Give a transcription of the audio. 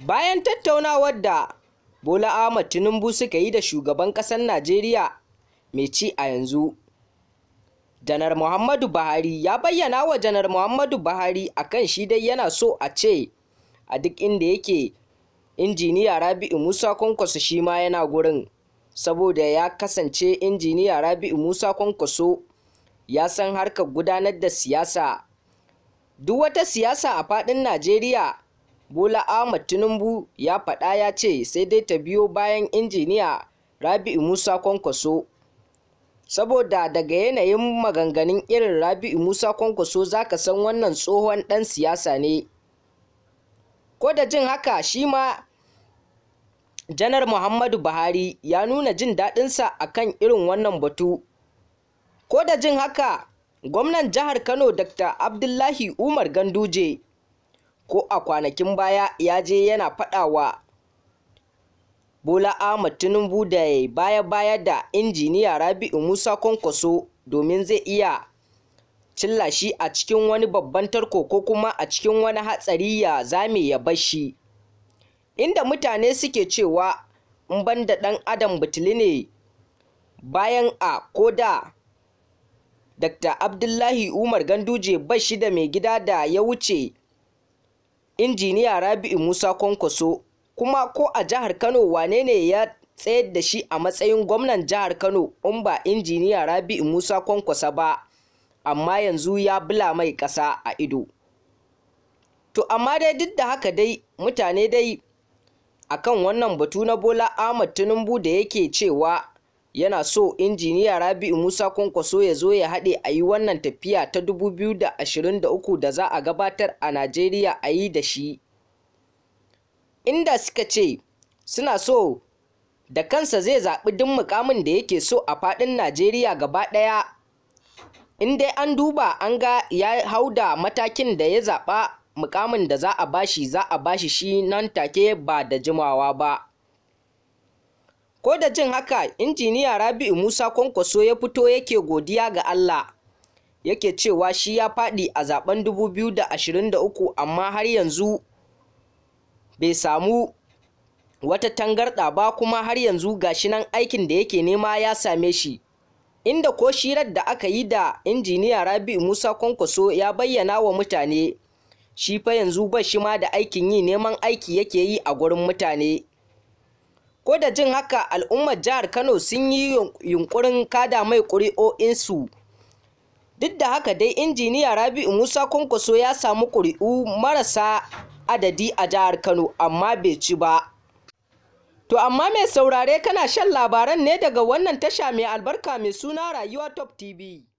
bayan tattaunawar da bola ahmad tinubu suka yi da shugaban ƙasar najeriya mai ci a yanzu janar muhammadu buhari ya bayyana wa janar muhammadu buhari a kan shi dai yana so a ce a duk inda yake injiniya rabi'u musa kwankwaso shi ma yana gurin saboda ya kasance injiniya rabi'u musa kwankwaso ya san harkar gudanar da siyasa duk wata siyasa a faɗin najeriya Bola Ahmad Tinubu ya faɗa ya ce sai dai ta biyo bayan injiniya Rabi'u Musa Kwankwaso. Saboda daga yanayin maganganun irin Rabi'u Musa Kwankwaso za ka san wannan tsohon ɗan siyasa ne. Ko da jin haka shi ma Janar Muhammadu Buhari ya nuna jin daɗinsa a kan irin wannan batu. Ko da jin haka, gwamnan jihar Kano Dr. Abdullahi Umar Ganduje ko a kwanakin baya ya je yana faɗa Bola Ahmad Tinubu da ya baya-baya da injiniya Rabi'u Musa Kwankwaso domin zai iya cilla shi a cikin wani babban tarko ko kuma a cikin wani hatsari ya zame ya bashi. Inda mutane suke cewa in ban da ɗan adam butuli ne bayan a koda Dr. Abdullahi Umar Ganduje bashi da mai gida da ya wuce injiniya rabi'u musa kwankwaso kuma ko a jihar kano wane ne ya tsayar da shi a matsayin gwamnan jihar kano in ba injiniya rabi'u musa kwankwasa ba amma yanzu ya bula mai ƙasa a ido to amma dai duk da haka dai mutane dai akan wannan batu na bola ahmad tinubu da yake cewa yana so injiniya Rabi'u Musa Kwankwaso ya zo ya haɗe a yi wannan tafiya ta 2023 da za a gabatar a Najeriya a yi da shi. Inda suka ce suna so da kansa zai zaɓi duk mukamin da yake so a faɗin Najeriya gaba ɗaya. In dai an duba an ga ya hau da matakin da ya zaɓa mukamin da za a bashi za a bashi shi nan take ba da jimawa ba. Ko da jin haka, injiniya Rabi'u Musa Kwankwaso ya fito yake godiya ga Allah, yake cewa shi ya faɗi a zaben 2023 amma har yanzu bai samu wata tangarɗa ba kuma har yanzu gashi nan aikin da yake nema ya same shi. Inda ko shirar da aka yi da injiniya Rabi'u Musa Kwankwaso ya bayyana wa mutane, shi fa yanzu ba shi ma da aikin yi neman aiki yake yi a gurin mutane. ko da jin haka al'ummar jihar kano sun yi yunkurin kada mai ƙuri'o'insu duk da haka dai injiniya rabi'u musa kwankwaso ya samu ƙuri'u marasa adadi a jihar kano amma bai ci ba to amma mai saurare kana shan labaran ne daga wannan tasha mai albarka mai suna rayuwa top tv